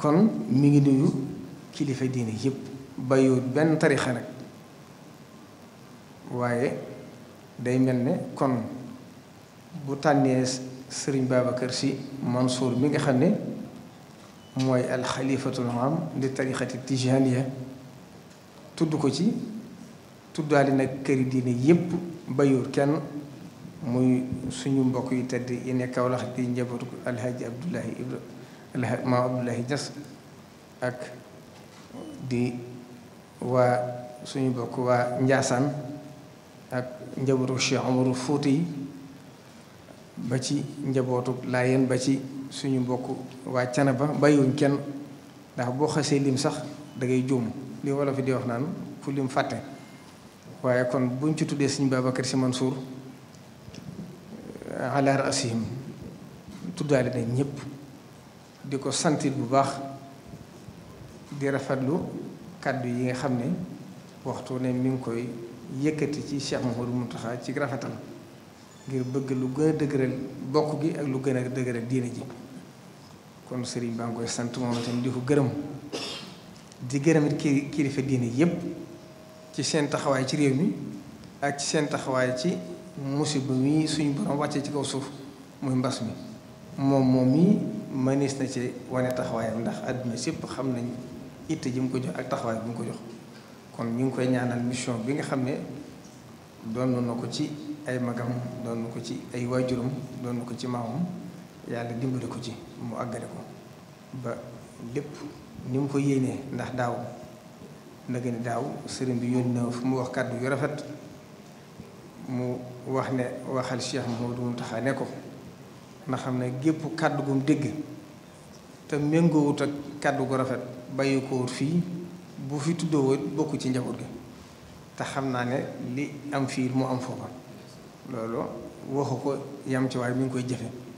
kon mi ngi nuyu kilifa diine yëpp bàyyiwut benn tarixa nag waaye day mel ne kon bu tànnee sëriñ Babacar Sy Mansour mi nga xam ne mooy alxalifatul am di tarixati tijaniya tudd ko ci tuddaali nag këri diine yëpp bàyyiwut kenn muy suñu mbokk yu tedd yi nekk Kawlax di njabootu alhaji Abdullahi maam Abdoulaye Dias ak di waa suñu bokk waa Njaasaan ak njabootu Cheikh Omarou Fouti yi ba ci njabootu Laayeen ba ci suñu mbokk waa Canaba bàyyiwuñ kenn ndax boo xasee lim sax dangay ngay li wala fi di wax naan ku lim fàtte waaye kon buñ ci tuddee suñu Babacar Sy Mansour ala raasihim tuddaale nañ ñëpp di ko santit bu baax di rafetlu kàddu yi nga xam ne waxtu ne mi ngi koy yëkkati ci Cheikh Mouhamadou Mountakha ci rafetal ngir bëgg lu gën a dëgëral bokk gi ak lu gën a dëgëral diine ji kon sëriñ baa ngi koy sant moom itam di ko gërëm di gërëmit ki kilifa diine yépp ci seen taxawaay ci réew mi ak ci seen taxawaay ci musiba mi suñu borom wàccee ci kaw suuf muy mbas mi moom moom yi mënees na ci wane taxawaayam ndax àdduna sépp xam nañ itte ji mu ko jox ak taxawaay bi mu ko jox kon ñu ngi koy ñaanal mission bi nga xam ne doon na ko ci ay magam doon na ko ci ay waajuram doon ko ci maamam yàlla dimbali ko ci mu àggale ko ba lépp ni mu ko yéenee ndax daaw nag daaw sëriñ bi yónni na fu mu wax kàddu yu rafet mu wax ne waxal Cheikh Mouhamadou Mountakha ne ko na xam ne gépp kàddu gum dégg te méngoowut ak kàddu gu rafet bàyyi fii bu fi tuddoo woon bokku ci njawut gi te xam naa ne li am fii mu am foofa loolu waxu ko yam ci waaye mi ngi koy jëfe